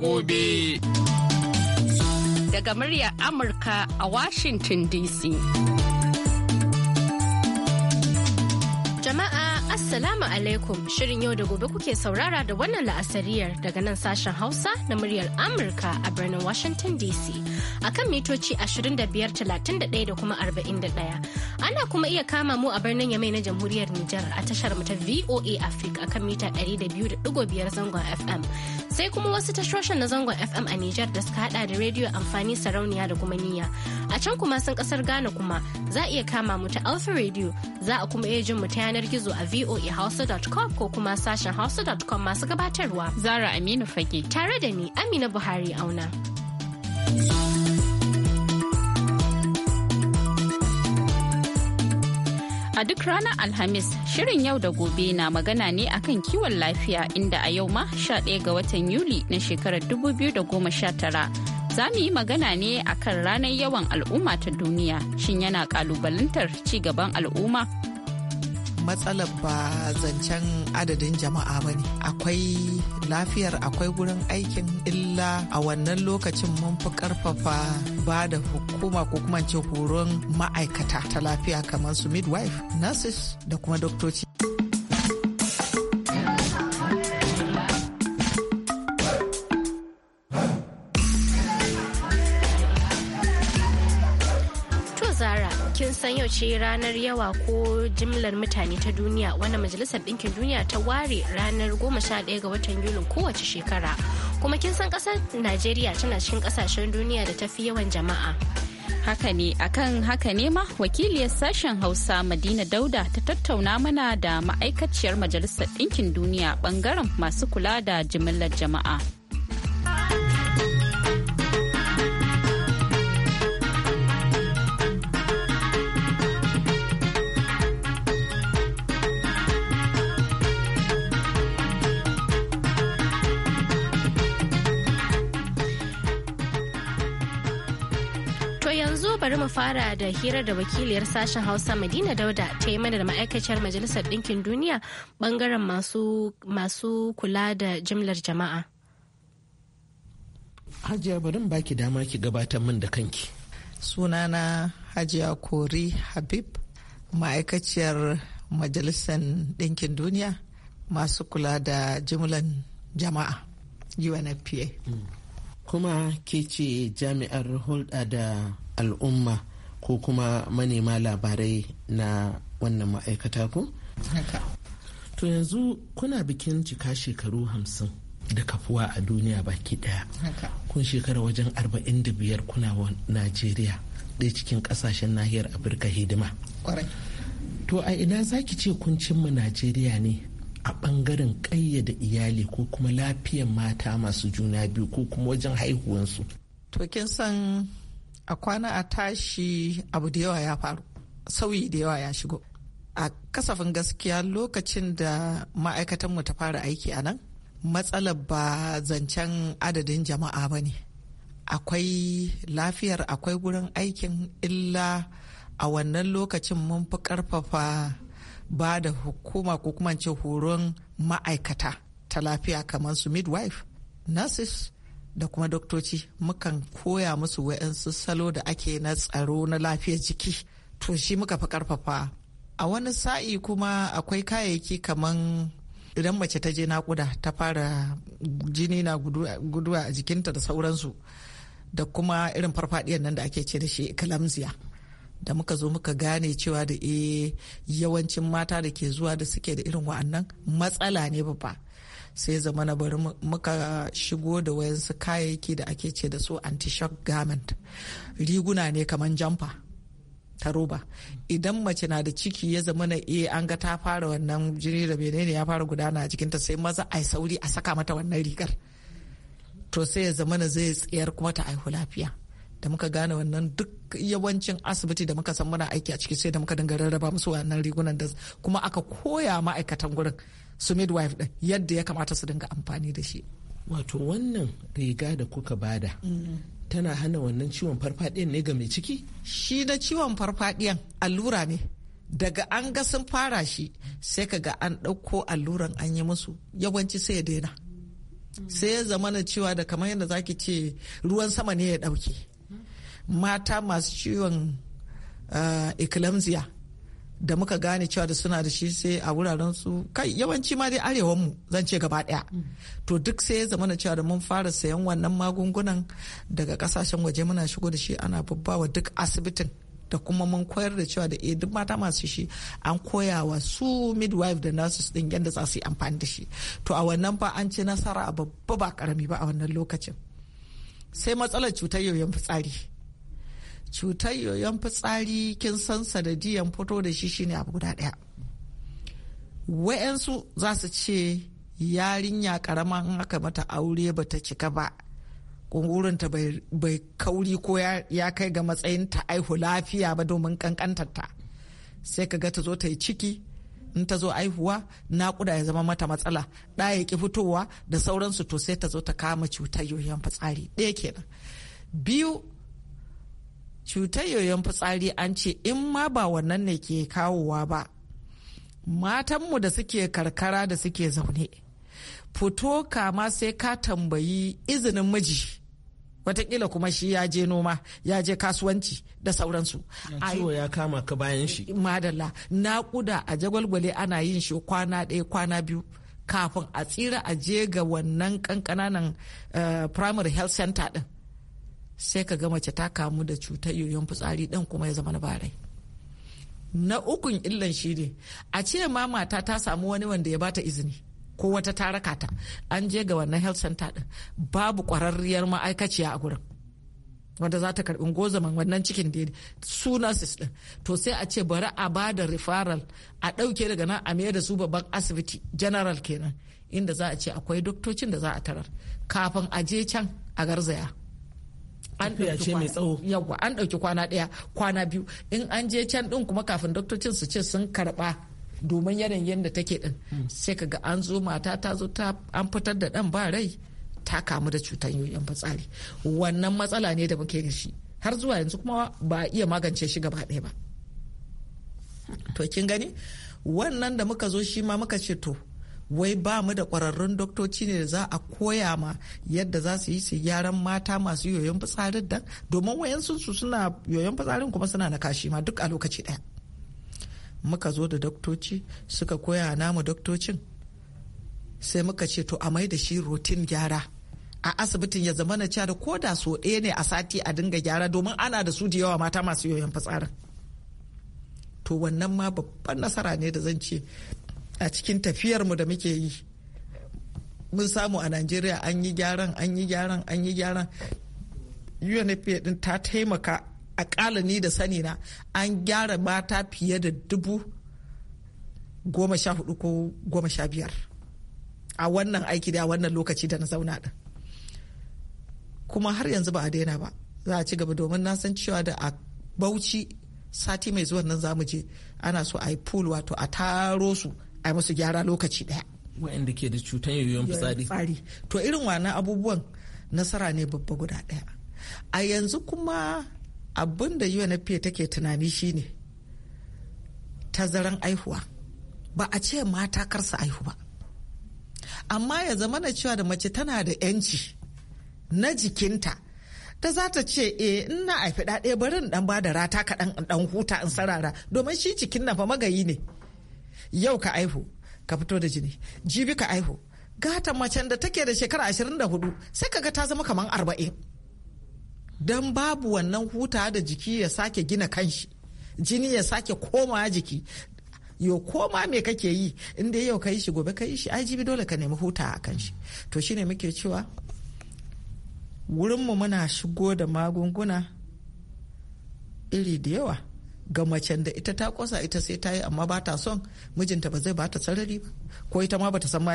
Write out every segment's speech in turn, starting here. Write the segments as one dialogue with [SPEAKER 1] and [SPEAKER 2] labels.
[SPEAKER 1] gobe. Daga muryar Amurka a Washington DC. Jama'a Assalamu alaikum shirin yau da gobe kuke saurara da wannan la'asariyar daga nan sashen Hausa na muryar Amurka a birnin Washington DC akan mitoci 31 da kuma 41. Ana kuma iya kama mu a birnin Yamai na Jamhuriyar Nijar a tashar mu ta VOA Africa akan mita 200.5 zangon FM. Sai kuma wasu tashoshin na zangon FM a Nijar da suka hada da rediyo amfani sarauniya da kuma niyya. A can kuma sun kasar Ghana kuma za a iya kama mu ta Alpha Radio za a kuma iya jin mu ta yanar gizo a voahausa.com ko kuma sashen hausa.com masu gabatarwa. Zara Aminu Fage. Tare da ni Amina Buhari Auna. thank you A duk ranar Alhamis, shirin yau da gobe na magana ne akan kiwon lafiya inda a yau ma 11 ga watan Yuli na shekarar 2019. za mu yi magana ne akan ranar yawan al'umma ta duniya shin yana kalubalantar gaban al'umma
[SPEAKER 2] matsalar ba zancen adadin jama'a ba ne akwai lafiyar akwai gurin aikin illa a wannan lokacin mun fi karfafa ba da hukuma ko kuma ce horon ma'aikata ta lafiya kamar su midwife nurses da kuma doktoci.
[SPEAKER 1] kusan yau ce ranar yawa ko jimlar mutane ta duniya wanda majalisar ɗinkin duniya ta ware ranar 11 ga watan yulin kowace shekara kuma kin san ƙasar najeriya tana cikin ƙasashen duniya da ta fi yawan jama'a haka ne akan haka ne ma wakiliyar sashen hausa madina dauda ta tattauna mana da ma'aikaciyar majalisar ɗinkin duniya ɓangaren masu kula da jimillar jama'a fara da hira da wakiliyar sashen Hausa Madina Dauda ta yi mana da ma'aikaciyar Majalisar Ɗinkin Duniya bangaren masu kula da jimlar
[SPEAKER 2] jama'a.
[SPEAKER 3] Hajiya barin baki dama ki gabatar min da kanki.
[SPEAKER 2] Sunana Hajiya Kori Habib, ma'aikaciyar Majalisar Ɗinkin Duniya masu kula da jimlar jama'a UNFPA.
[SPEAKER 3] Mm. Kuma ke ce jami'ar hulɗa da al'umma ko kuma manema labarai na wannan ma'aikata ko? to yanzu kuna bikin cika shekaru hamsin da kafuwa a duniya baki daya kun shekara wajen 45 kuna wa najeriya ɗaya cikin ƙasashen nahiyar afirka hidima to a ina za ki ce kun cimma najeriya ne a ɓangaren ƙayyade iyali ko kuma lafiyan mata masu juna biyu ko kuma wajen haihuwansu to kin san a
[SPEAKER 2] kwana a tashi abu da yawa ya faru sauyi da yawa ya shigo a kasafin gaskiya lokacin da ma'aikatanmu ta fara aiki a nan matsalar ba zancen adadin jama'a ba ne akwai lafiyar akwai wurin aikin illa a wannan lokacin mun fi karfafa ba da hukuma ko kuma ce horon ma'aikata ta lafiya kamar su midwife nurses da kuma doktoci mukan koya musu wa'yansu salo da ake na tsaro na lafiyar jiki to shi muka fi karfafa a wani sa'i kuma akwai kayayyaki kaman idan mace ta je nakuda ta fara jini na guduwa a jikinta da sauransu da kuma irin farfadiyar nan da ake ce da shi kalamziya da muka zo muka gane cewa da e yawancin mata da ke zuwa da suke da irin wa'annan matsala ne babba sai zama na bari muka shigo da wayansu kayayyaki da ake ce da su anti-shock garment riguna ne kamar jamfa ta roba idan mace na da ciki ya zama na eh an ga ta fara wannan jini da menene ya fara gudana a jikinta sai maza a sauri a saka mata wannan rigar to sai ya zama na zai tsayar kuma ta aihu lafiya da muka gane wannan duk yawancin asibiti da muka san muna aiki a ciki sai da muka dinga rarraba musu wannan rigunan da kuma aka koya ma'aikatan gurin su midwife din yadda ya kamata su dinga amfani da shi
[SPEAKER 3] wato wannan riga da kuka bada mm. tana hana wannan ciwon farfadiyan ne ga mai ciki shi na ciwon farfadiyan allura ne daga an ga sun fara
[SPEAKER 2] shi sai ka ga an ɗauko alluran an yi musu yawanci sai ya daina sai ya zamana cewa da kamar yadda zaki ce ruwan sama ne ya ɗauke mata masu ciwon uh, eclampsia da muka gane cewa da suna da shi sai a wuraren su kai yawanci ma dai arewan mu zan ce gaba daya mm. to duk sai ya zama na cewa da mun fara sayan wannan magungunan daga kasashen waje muna shigo da shi ana babbawa duk asibitin da kuma mun koyar da cewa da eh duk mata masu shi an koya wa su midwife da nurses din yadda za su yi amfani da shi to a wannan ba an ci nasara a babba ba karami ba a wannan lokacin sai matsalar cutar yoyon fitsari cutar yoyon fitsari kin san sanadiyan fito da shi shine abu guda ɗaya wa'yansu za su ce yarinya karama in aka mata aure ba ta cika ba ta bai kauri ko ya kai ga matsayin ta aihu lafiya ba domin kankantarta sai ka ga ta zo ta yi ciki in ta zo aihuwa naƙuda ya zama mata matsala ɗa ki fitowa da sauransu to sai ta zo ta kama cutar yoyon fitsari ɗaya kenan biyu cutar yoyon fitsari an ce in ma ba wannan ne ke kawowa ba matanmu da suke karkara da suke zaune fito kama sai ka tambayi izinin miji watakila kuma shi ya je noma ya je kasuwanci da sauransu ciwo ya kama ka bayan shi madalla naƙuda a jagwalgwale ana yin shi kwana ɗaya kwana biyu kafin a tsira a je ga wannan kankananan eh, primary health center din sai ka ga mace ta kamu da cutar yoyon fitsari dan kuma ya zama na barai na ukun illan shi ne a ce ma mata ta samu wani wanda ya bata izini ko wata ta raka ta an je ga wannan health center din babu kwararriyar ma'aikaciya a gurin wanda za ta karbi gozaman wannan cikin da su nurses din to sai a ce bari a ba da referral a ɗauke daga nan a mayar da su babban asibiti general kenan inda za a ce akwai doktocin da za a tarar kafin a je can a garzaya an ce mai tsawo yawa an ɗauki kwana ɗaya kwana biyu in an je can ɗin kuma kafin doktocin su ce sun karɓa domin yanayin yadda take ɗin hmm. sai kaga an zo mata ta zo ta an fitar da ɗan ba rai ta kamu da cutar yoyon fitsari wannan matsala ne da muke da shi har zuwa yanzu kuma ba a iya magance shi gaba ɗaya ba hmm. to kin gani wannan da muka zo shi ma muka ce to wai ba mu da kwararrun doktoci ne da za a koya ma yadda za su yi su gyaran mata masu yoyon fitsarin da domin wayansu su suna yoyon fitsarin kuma suna na kashi ma duk a lokaci ɗaya muka zo da doktoci suka koya namu doktocin sai muka ce to a mai da shi rotin gyara a asibitin ya zama na cewa da ko da so ɗaya ne a sati a dinga gyara domin ana da su da yawa mata masu yoyon fitsarin to wannan ma babban nasara ne da zan ce a cikin tafiyar mu da muke yi mun samu a najeriya an yi gyaran an yi gyaran an yi gyaran unfpa din ta taimaka akala ni da sani na an gyara mata fiye da dubu goma sha hudu ko goma sha biyar a wannan aiki da wannan lokaci da na zauna da kuma har yanzu ba a daina ba za a ci gaba domin na san cewa da a bauchi sati mai zuwan nan zamu je ana so a yi pool wato a taro su a musu gyara lokaci daya
[SPEAKER 3] wa'anda ke da cutar yoyon fitsari
[SPEAKER 2] to irin wannan abubuwan nasara ne babba guda daya a yanzu kuma abin da UNFPA take tunani shine tazaran aihuwa ba a ce mata karsa aihu ba amma ya zama na cewa da mace tana da yanci na jikinta ta za ta ce e eh, ina haifi ɗaɗe bari in dan ba da rata kaɗan in dan huta in sarara domin shi cikin na fa magayi ne yau ka aihu ka fito da jini jibi ka aihu gata macen da take da shekara 24 sai kaga ta zama kamar arba'in. don babu wannan huta da jiki ya sake gina kanshi jini ya sake koma jiki yo koma me kake yi inda yau ka yi shi gobe ka yi shi ai jibi dole ka nemi huta a kanshi. to shine muke cewa wurinmu muna shigo da magunguna iri da yawa ga macen da ita ta kosa ita sai ta yi amma ba ta son mijinta ba zai ba ta sarari ba ko ita ma ba ta san ma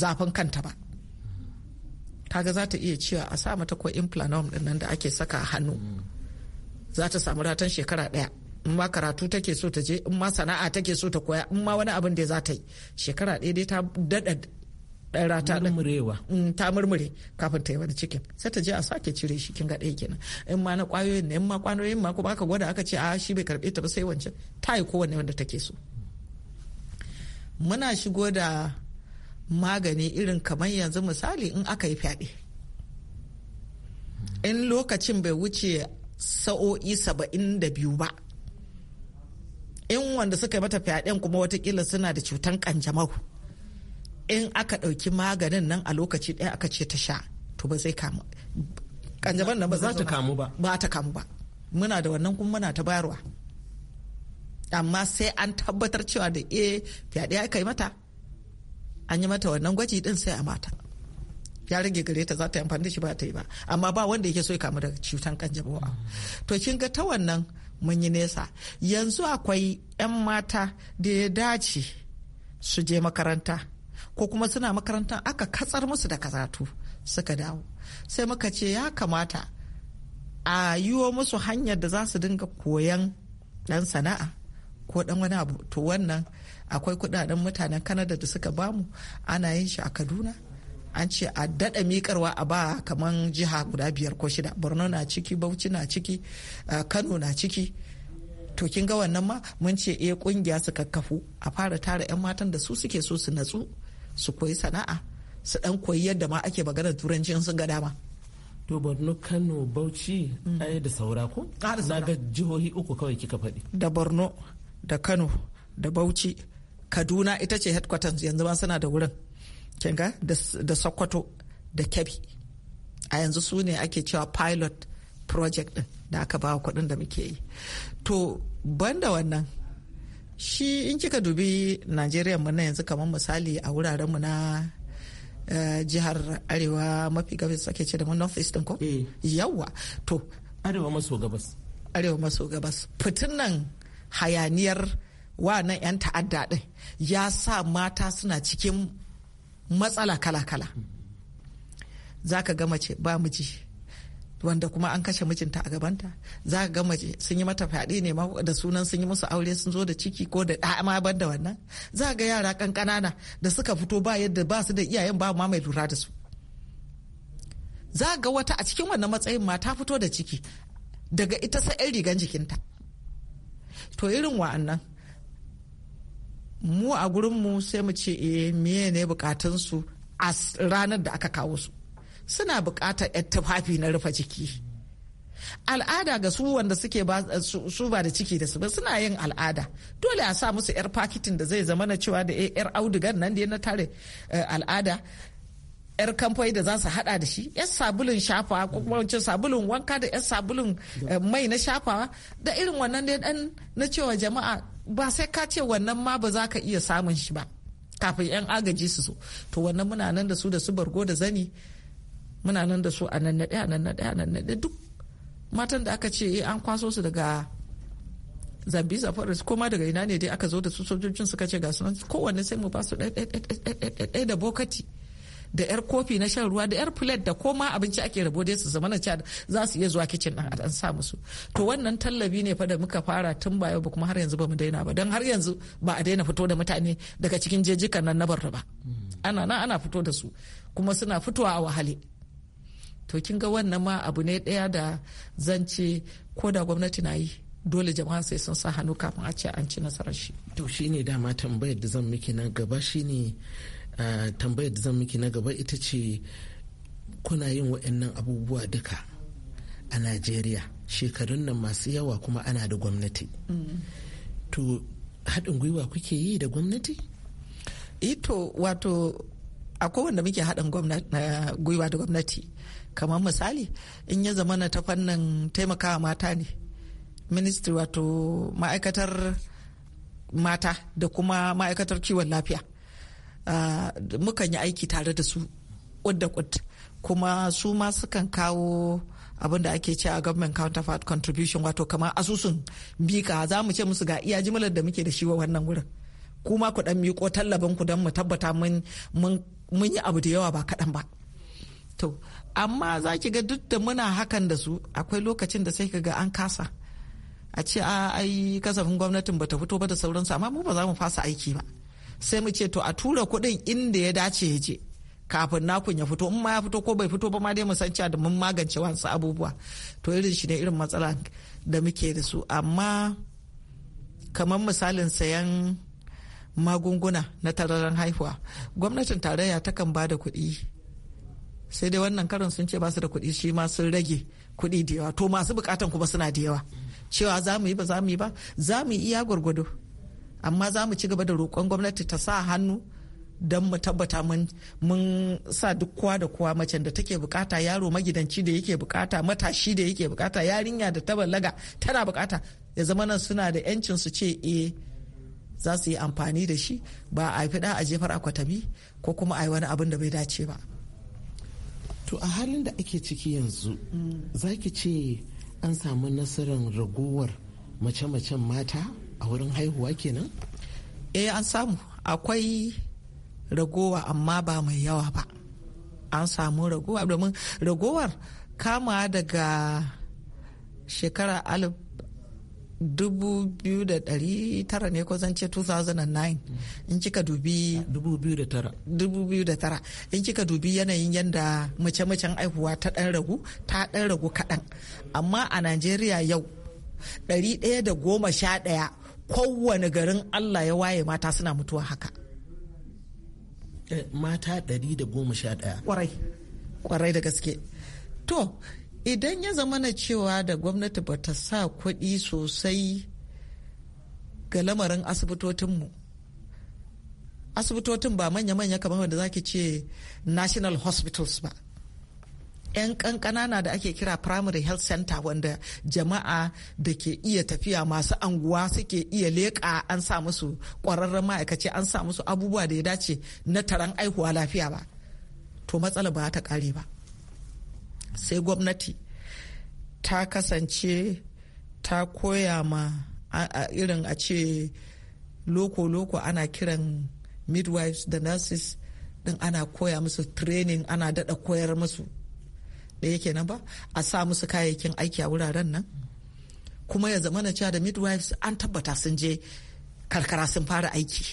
[SPEAKER 2] zafin kanta ba kaga za ta iya cewa a sa mata ko implanom din nan da ake saka a hannu za ta samu ratan shekara daya in ma karatu take so ta je in ma sana'a take so ta koya in ma wani abin da za ta yi shekara ɗaya dai ta daɗa dan rata din murmurewa mm, ta murmure kafin ta yi wani cikin sai ta je a sake cire shi kin ga ɗaya kenan in ma na kwayoyin ne in ma kwanoyin ma kuma aka gwada aka ce a ah, shi bai karbe ta ba sai wancan ta yi kowanne wanda take so muna shigo da magani irin kamar yanzu misali in aka yi fyaɗe in lokacin bai wuce sa'o'i saba'in da biyu ba in wanda suka yi mata fyaɗen kuma watakila suna da cutan kanjamau in aka ɗauki maganin nan a lokaci ɗaya aka ce ta sha to ba zai kamu kanjaban nan ba za ta kamu ba ba ta kamu ba muna da wannan kuma muna ta bayarwa amma sai an tabbatar cewa da e fyaɗe aka yi mata an yi mata wannan gwaji din sai a mata ya rage gare ta za ta yi amfani da shi ba ta yi ba amma ba wanda yake so ya kamu da cutan kanjamau to kin ga ta wannan mun yi nesa yanzu akwai 'yan mata da ya dace su je makaranta ko kuma suna makarantar aka katsar musu da karatu suka dawo sai muka ce ya kamata a yiwo musu hanyar da za su dinga koyan dan sana'a ko dan wani abu to wannan akwai kudaden mutanen kanada da suka bamu ana yin shi a kaduna an ce a dada mikarwa a ba kamar jiha guda biyar ko shida borno na ciki bauchi na ciki eh, kano na ciki to kin ga wannan ma mun ce eh kungiya su kakkafu a fara tara 'yan matan da su suke so su natsu su koyi sana'a su dan koyi yadda ma ake magana
[SPEAKER 3] turanci in sun ga dama to borno kano bauchi mm. ai da saura ko ah, na ga jihohi uku kawai kika faɗi da borno da kano da bauchi
[SPEAKER 2] kaduna ita ce headquarters yanzu ma suna da wurin kinga da sokoto da kebbi a yanzu su ne ake cewa pilot project din da aka ba kuɗin da muke yi to banda wannan shi in kika dubi najeriya mu na yanzu kamar misali a wuraren mu na eh, jihar arewa mafi gabas sake ce da mu north east ko eh. yawa to
[SPEAKER 3] arewa maso gabas
[SPEAKER 2] arewa maso gabas fitinan hayaniyar wa'annan 'yan ta'adda din ya sa mata suna cikin matsala kala-kala za ka ga mace ba miji wanda kuma an kashe mijinta a gabanta za ga mace sun yi mata fyaɗe ne da sunan sun yi musu aure sun zo da ciki ko da ɗa ma ban da wannan za ga yara kankanana da suka fito ba yadda ba su da iyayen ba ma mai lura da su za ga wata a cikin wannan matsayin ma ta fito da ciki daga ita sai 'yan rigan jikinta to irin wa'annan mu a gurinmu sai mu ce eh meye ne bukatunsu a ranar da aka kawo su suna bukatar 'yan tufafi na rufe ciki. al'ada ga su wanda suke su ba da ciki da su ba suna yin al'ada dole a sa musu 'yar fakitin da zai zama na cewa da 'yar eh, audigan nan da na tare eh, al'ada 'yar kamfai da za su hada da shi 'yar sabulun shafawa ko kuma wancan sabulun wanka da 'yar sabulun eh, mai na shafawa da irin wannan dai dan na cewa jama'a ba sai ka ce wannan ma ba za ka iya samun shi ba kafin 'yan agaji su so to wannan muna nan da su da su bargo da zani muna nan da su a nan na a nan na a nan na duk matan da aka ce eh, an kwaso su daga zambisa forest ko ma daga ina ne dai aka zo da su sojojin suka ce ga sunan kowanne sai mu ba su ɗaya da bokati da yar kofi na shan ruwa da yar plate da ko ma abinci ake rabo dai su zama na za su iya zuwa kicin ɗan an sa musu to wannan tallabi ne fa da muka fara tun ba yau kuma har yanzu ba daina ba don har yanzu ba a daina fito da mutane daga cikin jejikan nan na barra ba ana nan ana fito da su kuma suna fitowa a wahale to kin ga wannan ma abu ne daya da zan ce ko da gwamnati na yi dole jama'a sai sun sa hannu kafin a ce an ci nasarar shi
[SPEAKER 3] to shine dama tambayar da zan miki na gaba shine tambayar da zan miki na gaba ita ce kuna yin wa'annan abubuwa duka a najeriya shekarun nan masu yawa kuma ana da gwamnati mm. to haɗin gwiwa kuke yi da gwamnati ito eh wato akwai wanda muke haɗin gwiwa
[SPEAKER 2] da gwamnati kamar misali in ya zama na ta fannin taimakawa mata ne ministry wato ma'aikatar mata da kuma ma'aikatar kiwon lafiya ah, mukan yi aiki tare da su da kud kuma su ma sukan kawo abin da ake ce a government counterpart contribution wato kamar asusun bika za mu ce musu ga iya jimlar da muke da shi wa wannan wurin kuma ku dan miƙo tallabin ku don mu tabbata mun yi abu da yawa ba kaɗan ba to amma za ki ga duk da muna hakan da su akwai lokacin da sai ka ga an kasa a ce a ai kasafin gwamnatin bata fito ba da sauransu amma mu ba za mu fasa aiki ba sai mu ce to a tura kuɗin inda ya dace ya je kafin nakun ya fito in ma ya fito ko bai fito ba ma dai mu san cewa da mun magance wasu abubuwa to irin shi ne irin matsala da muke da su amma kamar misalin sayan magunguna na tararren haihuwa gwamnatin tarayya takan ba da kuɗi sai dai wannan karin sun ce basu da kuɗi shi ma sun rage kuɗi da yawa to masu bukatan kuma suna da yawa cewa za mu yi ba za mu yi ba za mu yi iya gwargwado amma za mu ci gaba da roƙon gwamnati ta sa hannu don mu tabbata mun sa duk kowa da kowa macen da take bukata yaro magidanci da yake bukata matashi da yake bukata yarinya da ta balaga tana bukata ya zama nan suna da yancin su ce e. za su yi amfani da shi ba a fiɗa a jefar akwatami ko kuma a yi wani abin da bai dace ba
[SPEAKER 3] to a halin da ake ciki yanzu mm. za ki ce an samu nasarar ragowar mace-macen mata a wurin haihuwa kenan eh an samu akwai ragowa amma ba mai yawa ba an samu ragowa
[SPEAKER 2] domin ragowar kama daga shekara alif tara ne ko zance 2009 in kika dubi 2009 in kika dubi yanayin yadda mace-macen aihuwa ta ɗan ragu ta dan ragu kaɗan amma a najeriya yau 111 kowane garin allah ya waye mata suna mutuwa haka
[SPEAKER 3] eh, mata 111
[SPEAKER 2] kwarai kwarai da gaske to idan ya zama na cewa da gwamnati ba ta sa kuɗi sosai ga lamarin asibitotinmu asibitotin ba manya-manya kamar wanda zaki ce national hospitals ba 'yan kankana na da ake kira primary health center wanda jama'a da ke iya tafiya masu anguwa suke iya leƙa an sa musu ƙwararren ma'aikaci an sa musu abubuwa da ya dace na taron aihuwa lafiya ba to matsala ba ta ƙare ba sai gwamnati ta kasance ta koya ma irin a ce loko-loko ana kiran midwives da nurses din ana koya musu training ana dada koyar musu da yake nan ba a sa musu kayayyakin aiki a wuraren nan kuma ya zama na cewa da midwives an tabbata sun je karkara sun fara aiki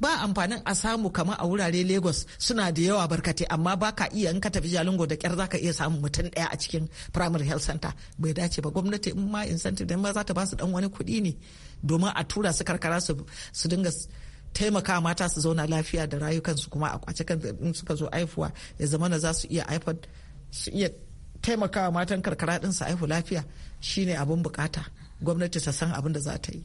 [SPEAKER 2] ba amfanin a samu kama a wurare lagos suna da yawa barkate. amma ba ka iya in ka tafi jalingo da kyar zaka iya samun mutum daya a cikin primary health center bai dace ba gwamnati in ma incentive da ma za ta basu dan wani kuɗi ne domin a tura su karkara su dinga taimaka mata su zauna lafiya da rayukansu kuma a kwace kan in suka zo aifuwa ya zama na za su iya haifar su iya taimaka matan karkara din su haihu lafiya shine abin bukata gwamnati ta san abin da za ta yi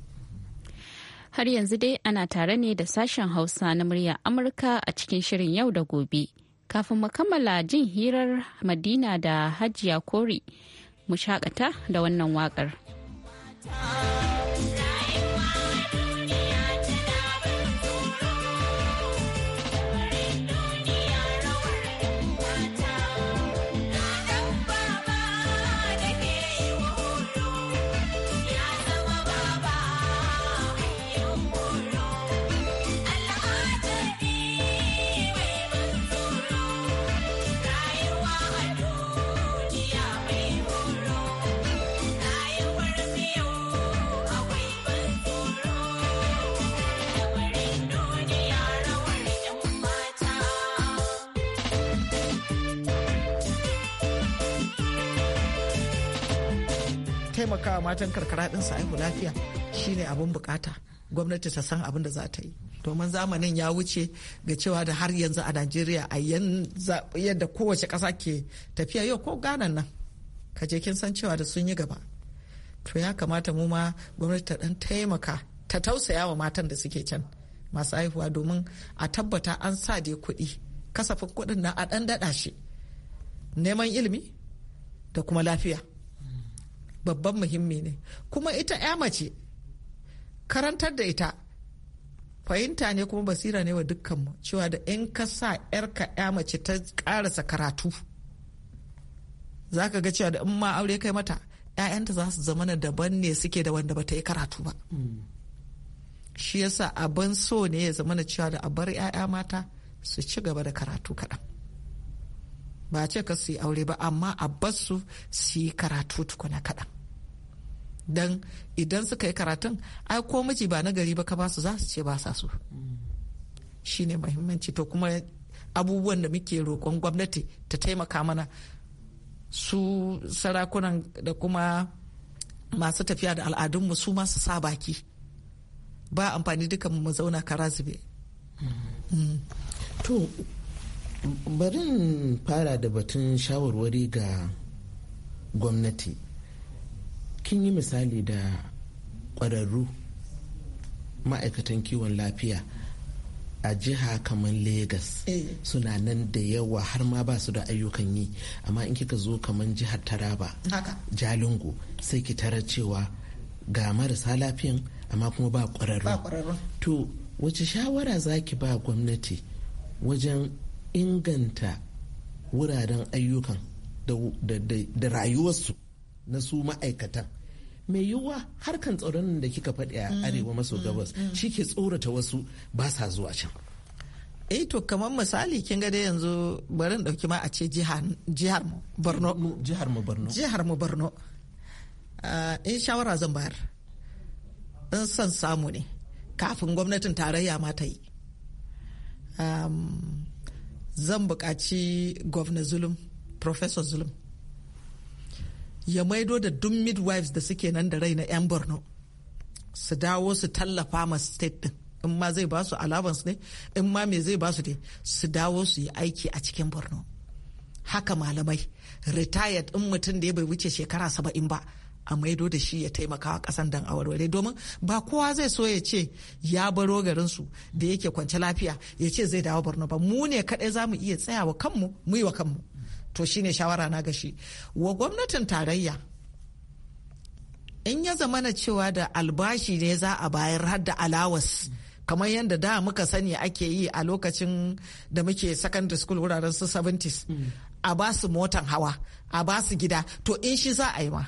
[SPEAKER 1] Har yanzu dai ana tare ne da sashen Hausa na murya Amurka a cikin shirin yau da gobe. Kafin mu kammala jin hirar Madina da Hajiya Kori, mu shakata da wannan waƙar.
[SPEAKER 2] taimakawa matan karkara din su lafiya shine abin bukata gwamnati ta san abin da za ta yi domin zamanin ya wuce ga cewa da har yanzu a najeriya a yadda kowace ƙasa ke tafiya yau ko ganan nan kaje kin san cewa da sun yi gaba to ya kamata mu ma gwamnati ta dan taimaka ta tausaya wa matan da suke can masu haihuwa domin a tabbata an sa dai kuɗi kasafin kuɗin na a ɗan daɗa shi neman ilimi da kuma lafiya babban muhimmi ne kuma ita ya mace karantar da ita fahimta ne kuma basira ne wa dukkanmu cewa da in ka sa yarka ya mace ta karasa karatu za ka ga cewa da in ma aure kai mata 'ya'yanta za su zama na daban ne suke da wanda bata yi karatu ba shi yasa abin so ne ya zama na cewa da a bar 'ya'ya mata su ci gaba da karatu kaɗan ba ce ka su yi aure ba amma a bar su su yi karatu tukuna kaɗan dan idan suka yi karatun ai ko miji ba na gari ba ka basu za su ce ba sa Shi shine mahimmanci to kuma abubuwan da muke roƙon gwamnati ta taimaka mana su sarakunan da kuma masu tafiya da al'adunmu su masu sa baki ba amfani duka mu zauna kara zube
[SPEAKER 3] mm. to barin fara da batun shawarwari ga gwamnati kin yi misali da ƙwararru ma'aikatan kiwon lafiya a jiha kamar Legas eh. suna nan da yawa har ma ba su da ayyukan yi amma in kika zo kamar jihar Taraba Jalingo sai ki tara cewa ga marasa lafiyan amma kuma ba ƙwararru to wace shawara za ki ba gwamnati wajen inganta wuraren ayyukan da rayuwarsu na su ma'aikatan mai yiwuwa harkan tsaron da kika faɗi a mm, arewa maso mm, gabas mm. shi ke tsorata wasu ba sa zuwa can E to kamar misali kin ga dai yanzu barin dauki ma a ce
[SPEAKER 2] jihar mu Borno jihar mu Borno jihar eh, mu Borno In shawara zan bayar in son samu ne kafin gwamnatin tarayya ma ta yi zan buƙaci gwamna zulum professor zulum ya maido da duk midwives da suke nan da rai na 'yan borno su dawo su tallafa ma state din in ma zai ba su allowance ne in ma me zai ba su ne su dawo su yi aiki a cikin borno haka malamai retired in mutum da ya bai wuce shekara saba'in ba a maido da shi ya taimakawa wa kasan dan awarware domin ba kowa zai so ya ce ya baro garin su da yake kwance lafiya ya ce zai dawo borno ba mu ne kaɗai za mu iya tsayawa kanmu mu yi wa kanmu to shine shawara na gashi wa gwamnatin tarayya in ya zamana cewa da albashi ne za a bayar har da alawas kamar yadda da muka sani ake yi a lokacin da muke secondary school wuraren su 70s a ba su motan hawa a ba su gida to in shi za a yi ma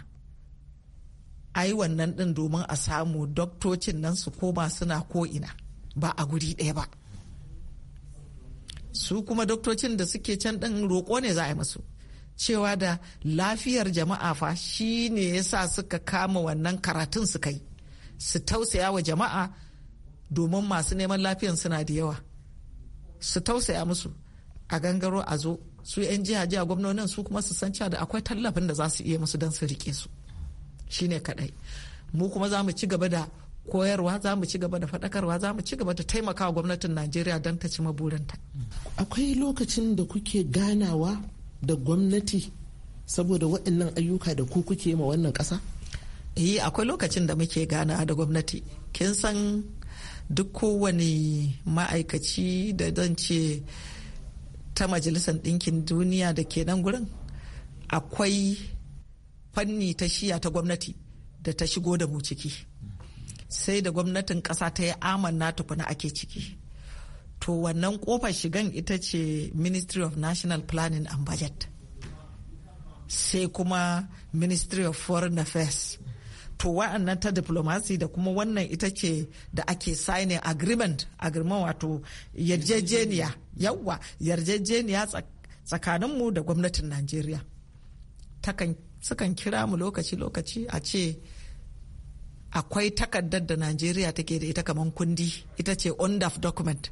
[SPEAKER 2] a yi wannan din domin a samu doktocin nan su koma suna ko ina ba a guri ɗaya ba su kuma doktocin da suke can ɗin roƙo ne za a yi masu cewa da lafiyar jama'a fa shi ne ya sa suka kama wannan karatun su kai su tausaya wa jama'a domin masu neman lafiyan suna da yawa su tausaya musu a gangaro a zo su 'yan jiha jiha gwamnonin su kuma su san cewa da akwai tallafin da za su iya musu don su rike su shi ne kaɗai mu kuma za mu ci gaba da koyarwa za mu ci gaba da faɗakarwa za mu ci gaba da taimakawa
[SPEAKER 3] gwamnatin najeriya don ta ci maburinta akwai lokacin da kuke ganawa da gwamnati saboda waɗannan ayyuka da ku kuke ma wannan ƙasa eh
[SPEAKER 2] akwai lokacin da muke ganawa da gwamnati kin san duk kowane ma'aikaci da zan ce ta majalisar ɗinkin duniya da ke nan gurin akwai fanni ta shiya ta gwamnati da ta shigo da mu ciki sai da gwamnatin ƙasa ta yi amanna tukuna ake ciki to wannan kofar shigan ita ce ministry of national planning and budget sai kuma ministry of foreign affairs to wa'annan ta diplomasi da kuma wannan ita ce da ake signing agreement agreement wato yarjejeniya yawwa yarjejeniya tsakaninmu da gwamnatin najeriya sukan kira mu lokaci-lokaci a ce akwai takardar da najeriya take da ita kamar kundi ita ce ondaf document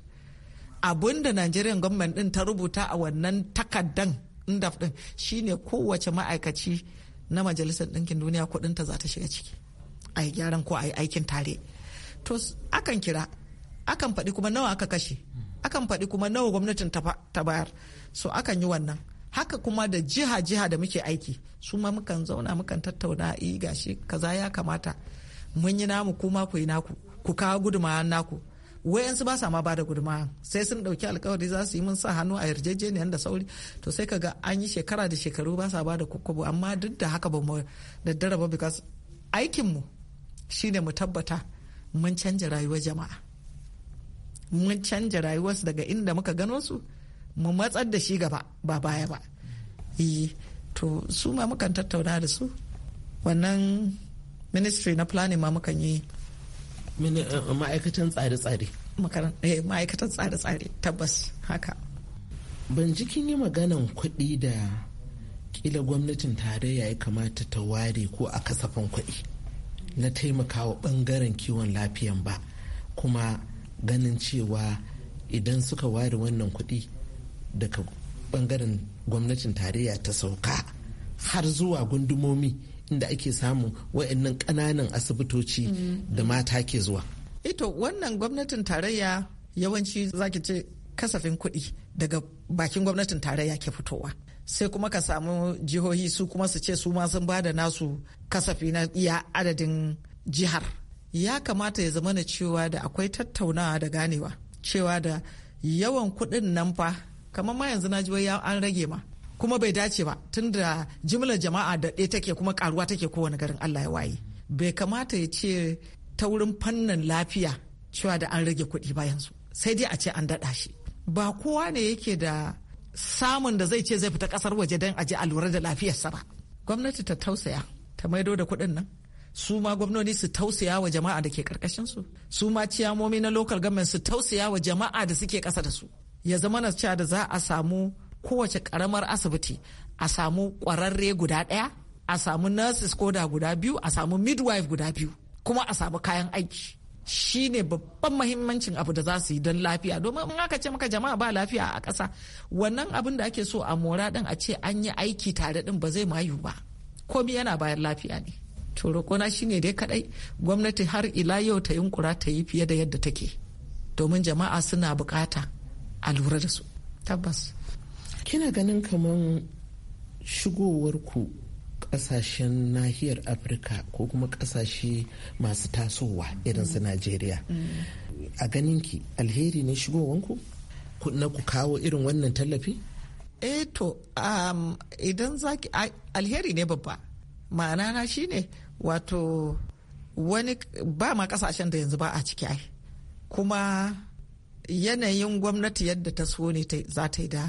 [SPEAKER 2] abun da Najeriya gwamnan din ta rubuta a wannan takardan ondaf din shine kowace ma'aikaci na majalisar Dinkin duniya kudinta za ta shiga ciki a yi gyaran ko a yi aikin tare to akan kira akan faɗi kuma nawa aka kashe akan faɗi kuma nawa gwamnatin ta bayar so akan yi wannan haka kuma da jiha-jiha da muke aiki su ma mukan zauna mukan tattauna i gashi kaza ya kamata mun yi namu kuma ku yi naku ku kawo gudumawan naku wayansu ba sa ma ba da gudumawan sai sun dauki alkawari za su yi mun sa hannu a yarjejeniyar da sauri to sai kaga an yi shekara da shekaru ba sa ba da amma duk da haka ba mu daddara ba because aikinmu shine mu tabbata mun canja rayuwar jama'a mun canja rayuwarsu daga inda muka gano su mu matsar da shi gaba ba baya ba to su ma mukan tattauna da su wannan ministry na planning ma mukan yi
[SPEAKER 3] eh, ma'aikatan tsare-tsare eh, ma'aikatan tsare-tsare tabbas haka ban jikin yi maganan kuɗi da ƙila gwamnatin tarayya ya kamata ta ware ko a kasafin kuɗi na taimakawa ɓangaren kiwon lafiyan ba kuma ganin cewa idan suka ware wannan kuɗi daga ɓangaren gwamnatin tarayya ta sauka har zuwa gundumomi inda ake samu wa'annan ƙananan asibitoci da mm. mata ke zuwa ito wannan gwamnatin tarayya
[SPEAKER 2] yawanci zaki ce kasafin kuɗi daga bakin gwamnatin tarayya ke fitowa sai kuma ka samu jihohi su kuma su ce su ma sun ba da nasu kasafi na iya adadin jihar ya kamata ya zama na cewa da akwai tattaunawa da ganewa cewa da yawan kuɗin nan fa kamar ma yanzu na ji an rage ma kuma bai dace ba tunda jimlar jama'a da ɗaya take kuma karuwa take kowane garin Allah ya waye bai kamata ya ce ta wurin fannin lafiya cewa da an rage kuɗi ba yanzu sai dai a ce an daɗa shi ba kowa ne yake da samun da zai ce zai fita ƙasar waje don aje a lura da lafiyarsa ba gwamnati ta tausaya ta maido da kuɗin nan su ma gwamnoni su tausaya wa jama'a da ke karkashin su su ma ciyamomi na local government su tausaya wa jama'a da suke ƙasa da su ya zama na cewa da za a samu kowace karamar asibiti a samu kwararre guda ɗaya a samu nurses koda guda biyu a samu midwife guda biyu kuma a samu kayan aiki shi ne babban mahimmancin abu da za su yi don lafiya domin in aka ce maka jama'a ba lafiya a ƙasa wannan abin da ake so a mora ɗin a ce an yi aiki tare ɗin ba zai mayu ba komi yana bayan lafiya ne to roƙona shi ne dai kaɗai gwamnati har ila yau ta yunkura ta yi fiye da yadda take domin jama'a
[SPEAKER 3] suna buƙata a lura da su tabbas kina ganin kamar shigowar ku kasashen nahiyar afirka ko kuma kasashe masu tasowa irin su nigeria mm. a ganinki alheri ne shigowanku na ku kawo irin wannan tallafi eh to um,
[SPEAKER 2] idan zaki alheri ne babba ma'ana na shine wato wani ba ma kasashen da yanzu ba a ciki ai kuma yanayin gwamnati yadda ta so ne za ta yi da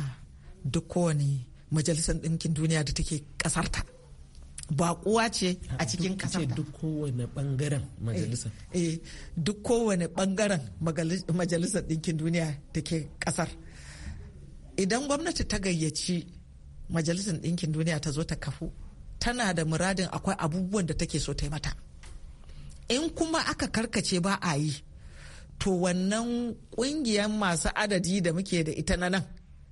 [SPEAKER 2] duk kowane majalisar ɗinkin duniya da take ƙasarta baƙuwa ce a cikin ƙasarta duk kowane ɓangaren eh, eh, majalisar ɗinkin duniya da ke ƙasar idan gwamnati ta gayyaci majalisar ɗinkin duniya ta zo ta kafu tana da muradin akwai abubuwan da take so ta yi mata in kuma aka karkace ba a yi to wannan ƙungiyar masu adadi da muke da ita na nan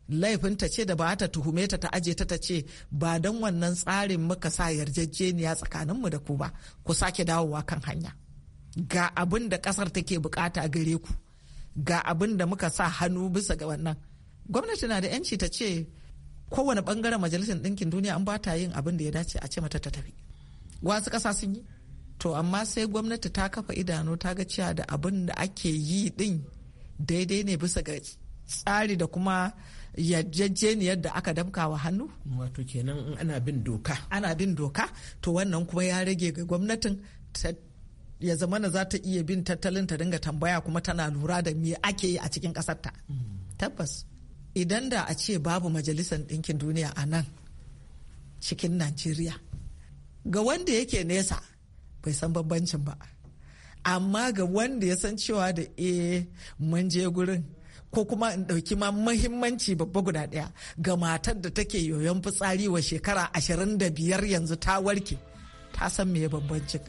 [SPEAKER 2] laifinta ce da ba ta tuhume ta ta aje ta ta ce ba don wannan tsarin muka sa yarjejeniya tsakaninmu da ku ba ku sake dawowa kan hanya ga abin da kasar take bukata gare ku ga abin da muka sa hannu bisa ga wannan gwamnati na da yanci ta ce kowane bangaren majalisar ɗinkin duniya an ba ta yin abin da ya dace a ce mata ta tafi wasu ƙasa sun yi to amma sai gwamnati ta kafa idanu ta ga cewa da abin da ake yi din daidai ne bisa ga tsari da kuma yarjejeniyar da aka damkawa hannu wato kenan ana bin doka ana bin doka to wannan kuma ya rage ga gwamnatin ya zamana za ta iya bin tattalin ta dinga tambaya kuma tana lura da me ake yi a cikin ƙasarta hmm. tabbas idan da a ce babu majalisar ɗinkin duniya a nan cikin najeriya ga wanda yake nesa bai san bambancin ba amma ga wanda ya san cewa da e mun je gurin ko kuma in ɗauki ma mahimmanci babba guda ɗaya ga matar da take yoyon fitsari wa shekara ashirin da biyar yanzu ta warke ta san me bambancin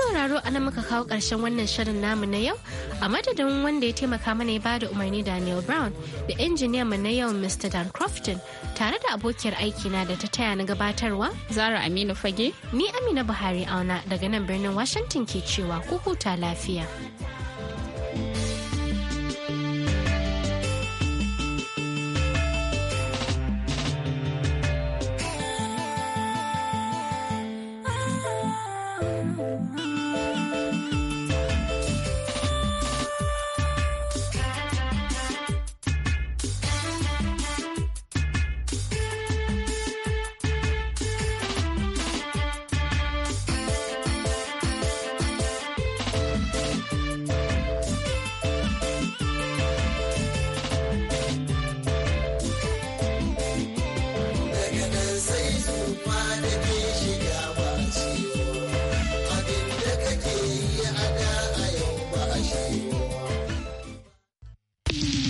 [SPEAKER 1] sauraro a nan muka kawo ƙarshen wannan shirin namu na yau a madadin wanda ya taimaka mana ya bada umarni Daniel Brown da injiniyan mu na yau Mr. Dan Crofton tare da abokiyar aikina da ta taya na gabatarwa Zara Aminu Fage ni Amina Buhari auna daga nan birnin Washington ke cewa ku huta lafiya.